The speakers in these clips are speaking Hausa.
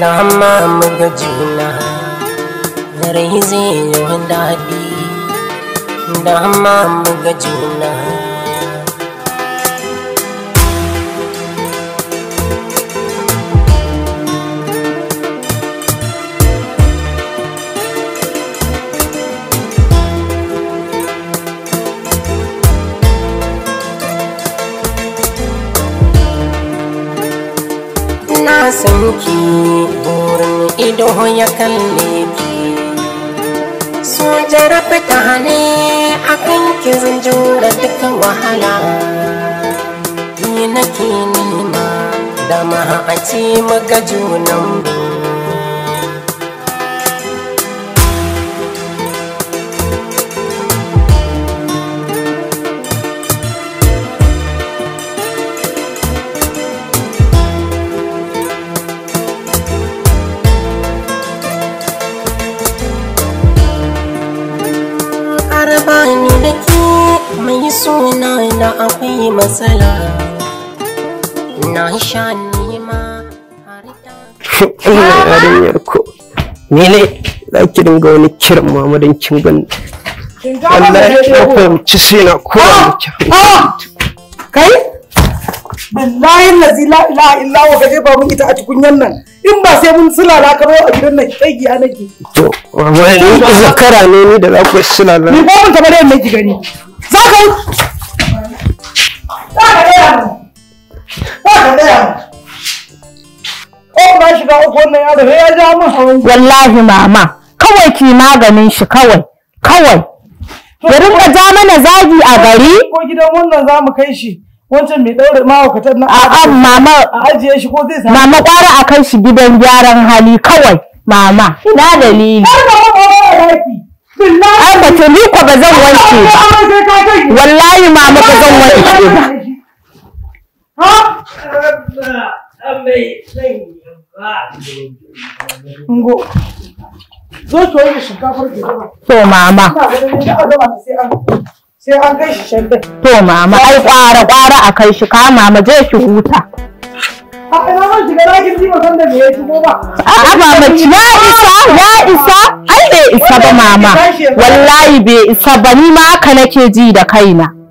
na mamu ga juna rai zai yi daɗi sanki burin ido ya kalle ki so ta hane akan ki zan jura duka wahala ni nake nema da ma a ce maga junan biyu na akwai matsala na sha nema har ko ne ne za ki dinga wani kiran mamadan kin gani Allah ya fahimci sai na kowa ah! ah! kai wallahi lazi la ilaha illa wa gaje ba mun ita a tukunyan nan in ba sai mun sulala ka a gidan nan kai giya nake to wani zakara ne ni da za sulala ni ba mun tabbata ne ki gani za ka Za ka gaya mu. Ko ba shiga uku wannan yaro ya ja mun hawan. Wallahi mama kawai ki maganin shi kawai kawai. Ya rinka ja mana zagi a gari. Ko gidan wannan za mu kai shi. wancan mai ɗaure mahaukatan na a'a mama a ajiye shi ko zai samu mama ƙwara a kai shi gidan gyaran hali kawai mama na dalili ai ba ni ko ba zan wanke wallahi mama ba zan wanke Ngo. Zo ki wanke shinkafar ki zama. To mama. Sai an kai shi shan To mama ai ƙwara-ƙwara, a kai shi kama mama je ki huta. A ina ma shiga na kin jima san da shigo ba. A'a mama ya isa ya isa ai bai isa ba mama. Wallahi bai isa ba ni ma haka nake ji da kaina.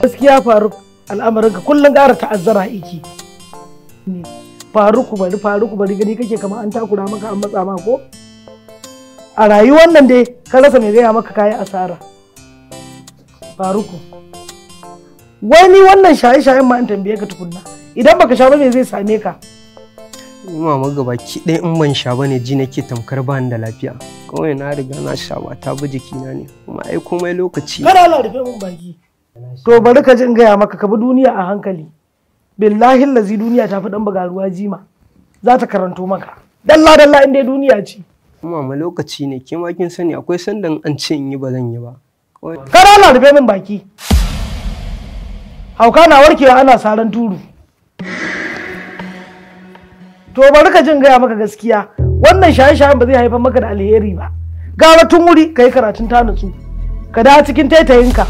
gaskiya faruk al'amarinka kullum ƙara ta'azzara iki faruku bari faruku bari gani kake kama an takura maka an matsa ma ko a rayuwar nan dai ka rasa mai gaya maka kayi asara faruku wani wannan shaye-shayen ma in tambaye ka tukunna idan baka sha ba me zai same ka mama gaba ki ɗaya in ban sha bane ji nake tamkar ban da lafiya kawai na riga na sha ba ta bi jikina ne kuma ai komai lokaci kada Allah rufe mun baki to bari ka jin gaya maka ka bi duniya a hankali billahi lazi duniya ta fi dan buga ruwa jima za ta karanto maka dalla dalla inda duniya ce ma lokaci ne ke ma kin sani akwai sandan an ce in yi ba zan yi ba kana na rufe min baki hauka na warkewa ana saran turu to bari ka jin gaya maka gaskiya wannan shaye-shayen ba zai haifar maka da alheri ba Gara tun wuri ka yi karatun ta nutsu ka da cikin taitayinka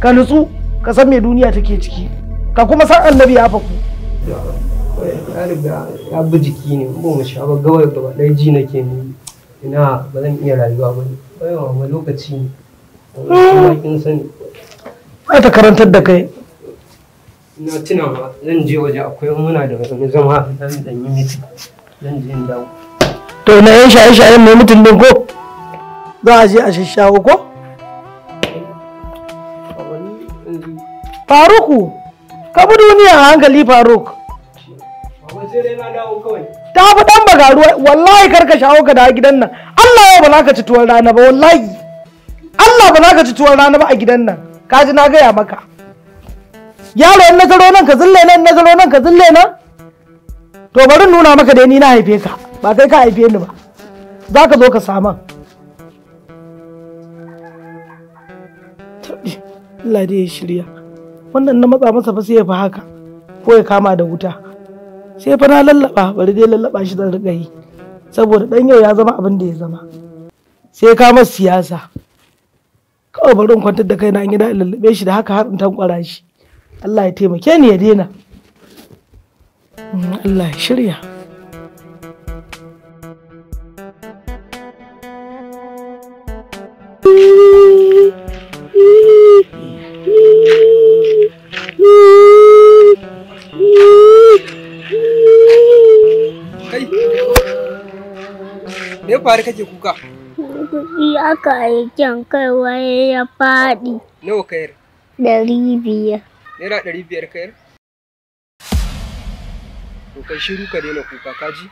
ka nutsu ka san me duniya take ciki ka kuma san annabi ya faku ya riga ya bi jiki ne ba mu sha ba gawar gaba ɗaya ji nake ne ina ba zan iya rayuwa ba ne bayan ma lokaci ne kuma kin sani ba ta karantar da kai Ina tuna ba zan je waje akwai muna da wani zama zan dan yi zan je in dawo to na yin shaye-shayen mai mutum din ko za a je a shashawo ko faruku ka bi duniya a hankali faruk ta fi dan ruwa. wallahi karka shawo ka da gidan nan allah ba na ka ci tuwon rana ba wallahi allah ba na ka ci tuwon rana ba a gidan nan ka ji na gaya maka yaro in nazaro nan ka zille nan nazaro nan ka zille nan to bari nuna maka da ni na haife ka ba kai ka haife ni ba za ka zo ka saman Allah dai ya shirya wannan na matsa masa fa sai ya fi haka ko ya kama da wuta sai fa na lallaba bari dai lallaba shi da riga saboda dan yau ya zama abin da ya zama sai kama siyasa kawai bari in kwantar da kaina an yi in lallabe shi da haka har in tankwara shi Allah ya taimake ni ya daina mm, Allah ya shirya faru kake kuka? Kuɗi aka aikin kai waye ya faɗi. Nawa kayar? Ɗari biyar. Naira ɗari biyar kayar? To kai shiru ka daina kuka kaji?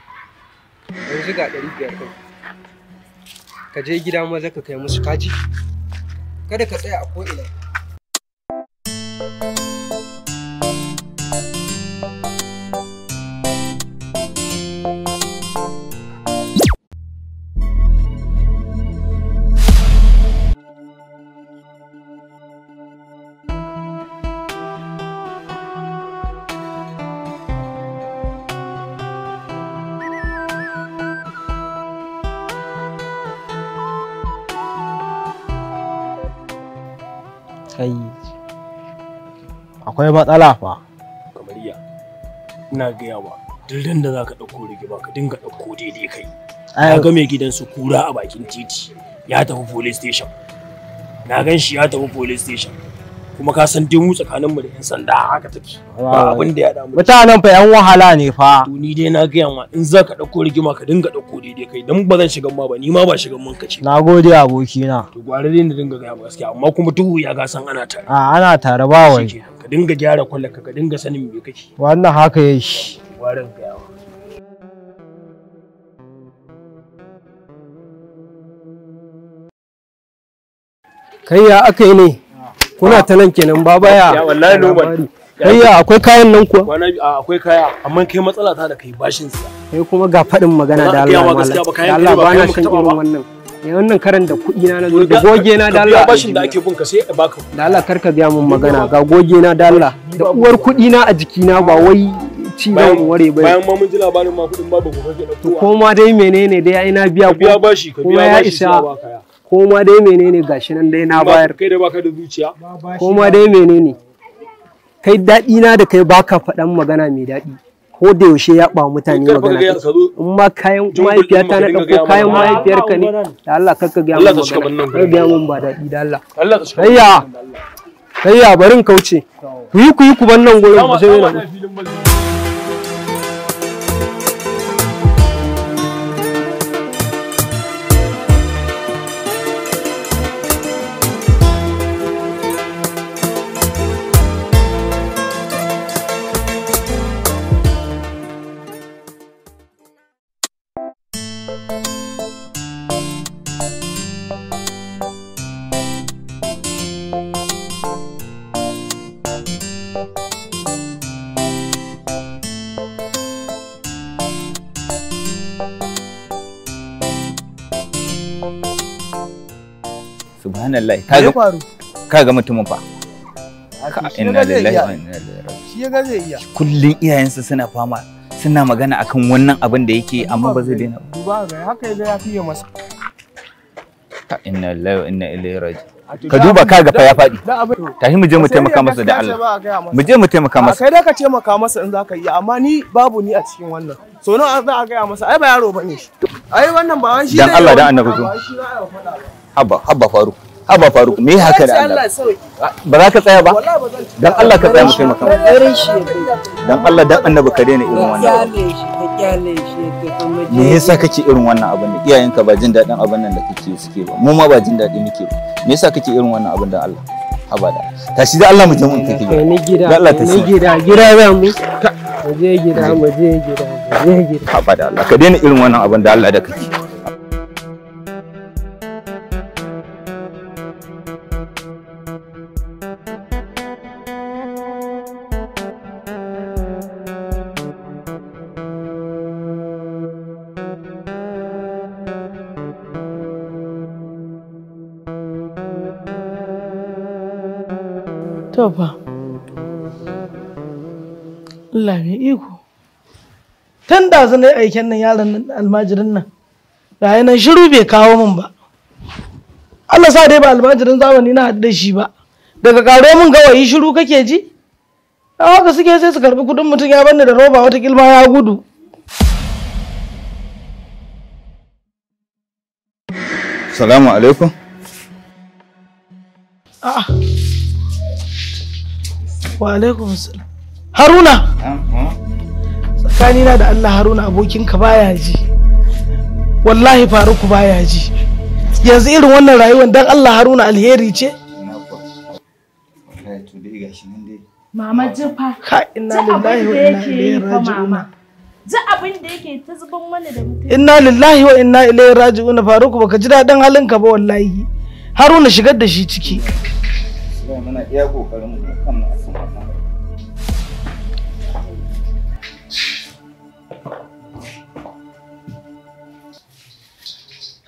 Yanzu ga ɗari biyar kai. Ka je gida maza ka kai musu kaji? Kada ka tsaya a ko'ina. sosai akwai matsala fa kamar ina gaya ba duk da za ka ɗauko rigima ka dinga ɗauko daidai kai ya ga mai su kura a bakin titi ya tafi police station na gan shi ya tafi police station kuma ka san dai mu tsakanin mu da yan sanda haka take ba abin da ya damu mutanen fa yan wahala ne fa to ni dai na ga yanwa in za ka dauko rigima ka dinga dauko daidai kai dan ba zan shiga ma ba ni ma ba shigan mun kace nagode aboki na to gware ne dinga ga gaskiya amma kuma duhu ya ga san ana tare a ana tare ba wai ka dinga gyara kwallon ka ka dinga sanin me kake wannan haka yake warin gayawa kai ya aka yi ne kuna ta nan kenan ba baya wallahi loman kayya akwai kayan nan kuwa akwai kaya amma kai matsala ta da kai bashin sa kai eh, kuma ga fadin magana da Allah Allah ba na shan irin wannan ya eh, wannan karan da kuɗi na na zo da goge na da Allah bashin da ake bin ka sai baka da Allah karka biya mun magana ga goge na da Allah da uwar kuɗi na a jiki na ba wai ci da mu ware bai bayan ma mun ji labarin ma kuɗin ba gobe ke dauko ko ma dai menene dai ai na biya ku biya bashi ka biya bashi ya isa Koma dai menene gashi nan dai na bayar kai da baka da zuciya koma dai menene kai daɗi na da kai baka faɗan magana mai daɗi ko da yaushe ya ba mutane magana in ma kayan mahaifiyata na dauko kayan mahaifiyarka ne da Allah ka gaya mun magana ka gaya mun ba daɗi da Allah hayya hayya barin kauce ku yi ku yi ku ban nan gurin ku sai yana Ka ga faru ga mutumin fa inna lillahi wa inna ilaihi raji'un shi ga zai iya kullun iyayensa suna fama suna magana akan wannan abin da yake amma ba zai daina ba ga haka ya fiye masa inna lillahi wa inna ilaihi raji'un ka duba ka ga fa ya faɗi tashi mu je mu taimaka masa da Allah mu je mu taimaka masa kai da ka taimaka masa in zaka yi amma ni babu ni a cikin wannan so nan za a gaya masa ai ba yaro bane shi ai wannan ba wani shi dan Allah dan annabi zo haba haba faru haba faru me haka da Allah ba za ka tsaya ba dan Allah ka tsaya mu taimaka dan Allah dan annabi ka daina irin wannan me yasa kake irin wannan abin da? iyayenka ba jin daɗin abin nan da kake suke ba mu ma ba jin daɗi muke ba me yasa kake irin wannan abin da Allah haba da tashi da Allah mu je mun kake gida Allah ta shi gida gida ba mu mu je gida mu je gida mu je gida haba da Allah ka daina irin wannan abin da Allah da kake To Allah mai iko. Tun da zan yi aiken nan yaron nan almajirin nan. Ga nan shiru bai kawo min ba. Allah sa dai ba almajirin zamani na haɗu da shi ba. Daga karo min gawayi shiru kake ji? Don haka suke sai su karɓi kuɗin mutum ya bani da roba wata kilma ya gudu. Salamu alaikum. A'a. wa alaikum haruna tsakanina da allah haruna abokinka baya ji wallahi faruku baya ji yanzu irin wannan rayuwar dan allah haruna alheri ce Mama jifa. inna lillahi wa inna ilaihi raji'un. Ji abin da yake ta zuban mana da mutum. Inna lillahi wa inna ilaihi raji'un Faruku baka ji daɗin halinka ba wallahi. Haruna shigar da shi ciki. kawai muna iya kokarin mu kan mu akan wannan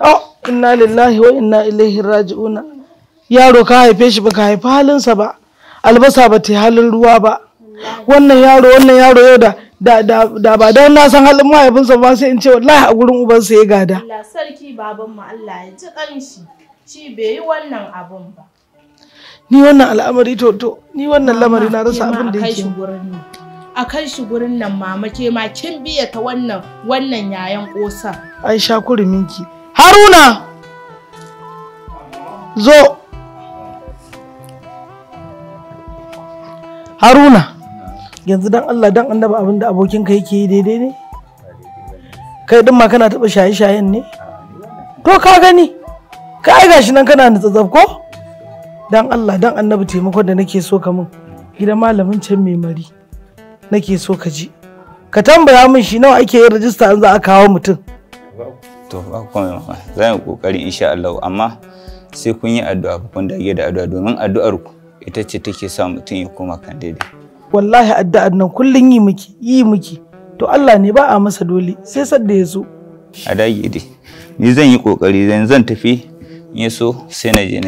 ah, inna lillahi wa inna ilaihi raji'una yaro ka haife shi baka haifi halinsa ba albasa ba ta halin ruwa ba wannan yaro wannan yaro yau da da da ba dan na san halin mahaifinsa ba sai in ce wallahi a gurin ubansa ya gada Allah sarki baban mu Allah ya ji kanshi shi bai yi wannan abun ba ni wannan al'amari to to ni wannan lamari na rasa abin da yake a kan shi gurin nan mama ke ma kin biya ta wannan wannan yayan kosa ai sha ki. haruna zo haruna yanzu dan Allah dan annaba abin da abokinka yake yi daidai ne kai din ma kana taɓa shaye-shayen ne to ka gani ka ai gashi nan kana nutsatsaf ko dan Allah dan annabi taimakon da nake so ka min gidan malamin can mai mari nake so ka ji ka tambaya min shi nawa ake yin rajista an za a kawo mutum to ba ku za mu kokari insha Allah amma sai kun yi addu'a kun dage da addu'a domin addu'ar ku ita ce take sa mutum ya koma kan daidai wallahi addu'ar nan kullun yi miki yi miki to Allah ne ba a masa dole sai sadda ya zo. a dage dai ni zan yi kokari zan tafi in ya so sai na je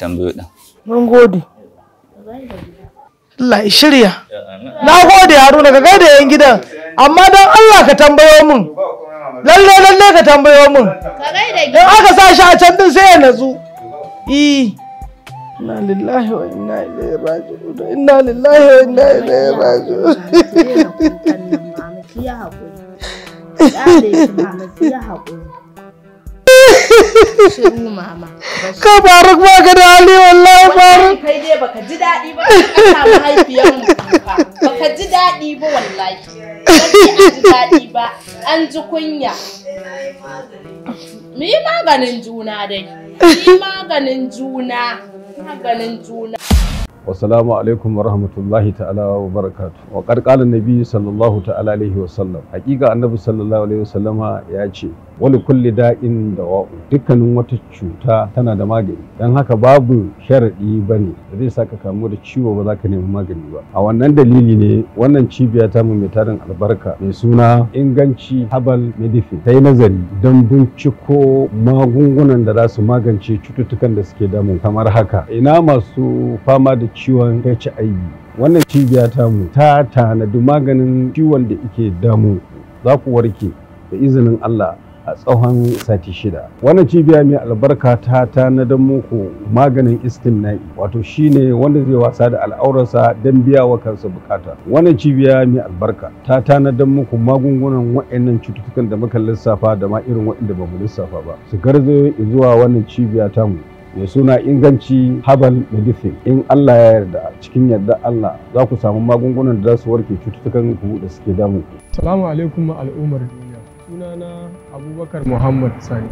tambayo din Mun gode. Allah ya shirya. Na gode Haruna ka gaida yan gidan. Amma don Allah ka tambayo min. Lalle lalle ka tambayo min. Don aka sa shi a can din sai ya natsu. Eh. Inna lillahi wa inna ilaihi raji'un. Inna lillahi wa inna ilaihi raji'un. Ya hakuri. Ya hakuri. Shiru mama. Ka faruk ba ka da hali wallahi faruk. Kai dai baka ji daɗi ba ka sa mahaifiyar mu Baka ji daɗi ba wallahi. Baka ji daɗi ba an ji kunya. Mu yi maganin juna dai. Mu yi maganin juna. Maganin juna. wasalamu alaikum warahmatullahi ta'ala wa barakatu wa karkalin nabi sallallahu ta'ala alaihi sallam. hakika annabi sallallahu alaihi wasallama ya ce wani kulli da'in da wa'u dukkanin wata cuta tana da magani don haka babu sharaɗi ba ne da zai saka kamu da ciwo ba za ka nemi magani ba a wannan dalili ne wannan cibiya ta mu mai tarin albarka mai suna inganci habal medifin ta yi nazari don binciko magungunan da za su magance cututtukan da suke damun kamar haka ina masu fama da ciwon HIV. Wannan cibiya ta mu ta tanadi maganin ciwon da ike damu za ku warke da izinin Allah a tsawon sati shida. Wannan cibiya mai albarka ta tanadar muku maganin istimna'i wato shine wanda zai wasa da al'aurarsa don biya wa kansa bukata. Wannan cibiya mai albarka ta tanada muku magungunan wa'annan cututtukan da muka lissafa da ma irin wa'anda ba mu lissafa ba. Su garzo zuwa wannan cibiya mu. mai suna inganci herbal medicine in Allah ya yarda cikin yarda Allah za ku samu magungunan da za su warke cututtukan ku da suke damu ku. Salamu alaikum al'ummar duniya. Sunana Abubakar Muhammad Sani,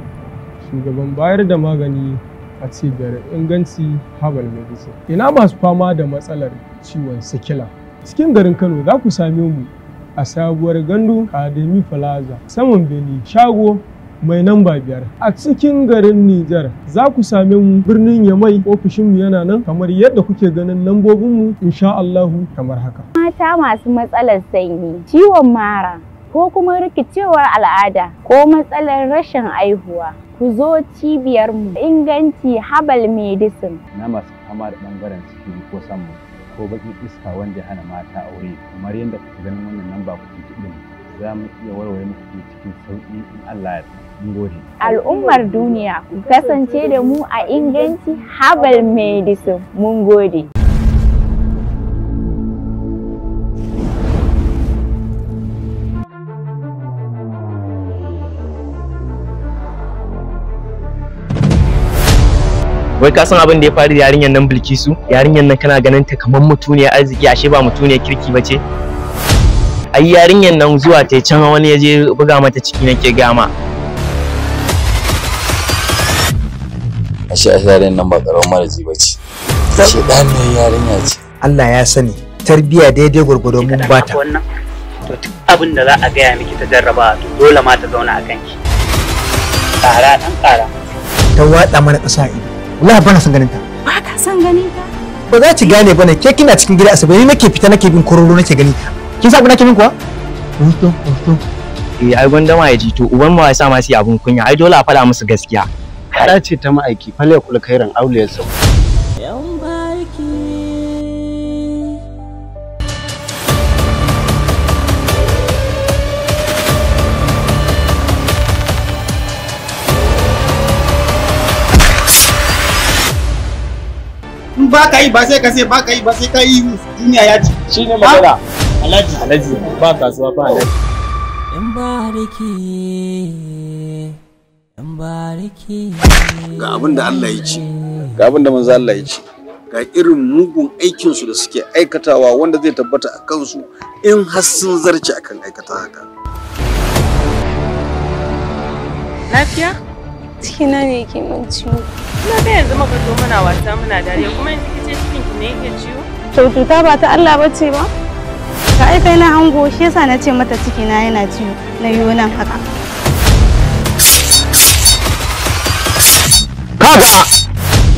shugaban bayar da magani a cibiyar inganci herbal medicine. Ina masu fama da matsalar ciwon sikila. Cikin garin Kano za ku same mu a sabuwar gandu Academy Plaza, saman Beni, shago mai ba biyar a cikin garin Nijar za ku same mu birnin Yamai ofishin mu yana nan kamar yadda kuke ganin lambobin mu insha Allahu kamar haka. Mata masu matsalar sanyi, ciwon mara, ko kuma rikicewar al'ada ko matsalar rashin aihuwa. Ku zo cibiyarmu inganci Habal Medicine. Na masu fama da bangaren ciki ko samu ko baki iska wanda hana mata aure kamar yadda kuke ganin wannan namba ku tuntuɓe mu. za mu iya warware muku cikin sauƙi in Allah ya mun gode. Al'ummar duniya ku kasance da mu a inganci Habal Medicine mun gode. wai ka san abin da ya faru da yarinyar nan bilkisu yarinyar nan kana ganin ta kamar mutuniyar arziki ashe ba mutuniyar kirki ba ce ai yarinyar nan zuwa ta can wani ya je buga mata ciki nake gama ashe yarinyar nan ba karamin maraji ba ce shedaniyar yarinya ce Allah ya sani tarbiya daidai gwargwado mun ba ta abin da za a gaya miki ta jarraba to dole ma ta zauna a kanki ƙara ɗan ƙara ta watsa mana ƙasa ido wallahi bana son ganin ta ba ka san ganin ta ba za ki gane ne ke kina cikin gida asabe ni nake fita nake bin kororo nake gani kin sa kuna kimin kuwa wato wato eh ai ma ya jito uban ma ya sa ma su abun kunya ai dole a fada musu gaskiya kada ce ta ma'aiki fale kul khairan auliyar sau yan barki ba ka yi ba sai ka sai ba ka yi ba sai ka yi duniya ya ci ne magana Alhaji. Alhaji ba kasuwa ba Alhaji. In bariki in bariki ga abin da Allah ya ce ga abin da manzo Allah ya ce ga irin mugun aikinsu da suke aikatawa wanda zai tabbata a kansu in har sun zarce akan aikata haka. Lafiya? Cikina ne yake min ciwo. Kuma ta yanzu muka zo muna wasa muna dariya kuma yanzu kice cikin ki ne yake ciwo? To cuta ba ta Allah bace ba? ka aikai na hango shi yasa na ce mata ciki na yana ciwo na yi nan haka kaga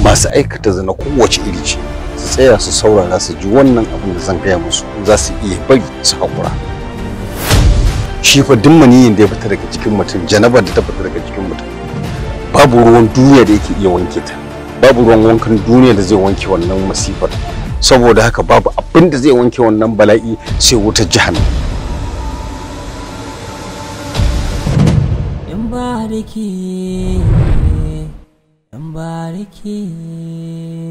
masu aikata zina kowace iri ce su tsaya su saurara su ji wannan abin da zan gaya musu za su iya bari su haƙura shi fa duk maniyin da ya fita daga cikin mutum janabar da ta fita daga cikin mutum babu ruwan duniya da yake iya wanke ta babu ruwan wankan duniya da zai wanke wannan masifar saboda haka babu abin da zai wanke wannan bala'i sai wutar jahannam in ba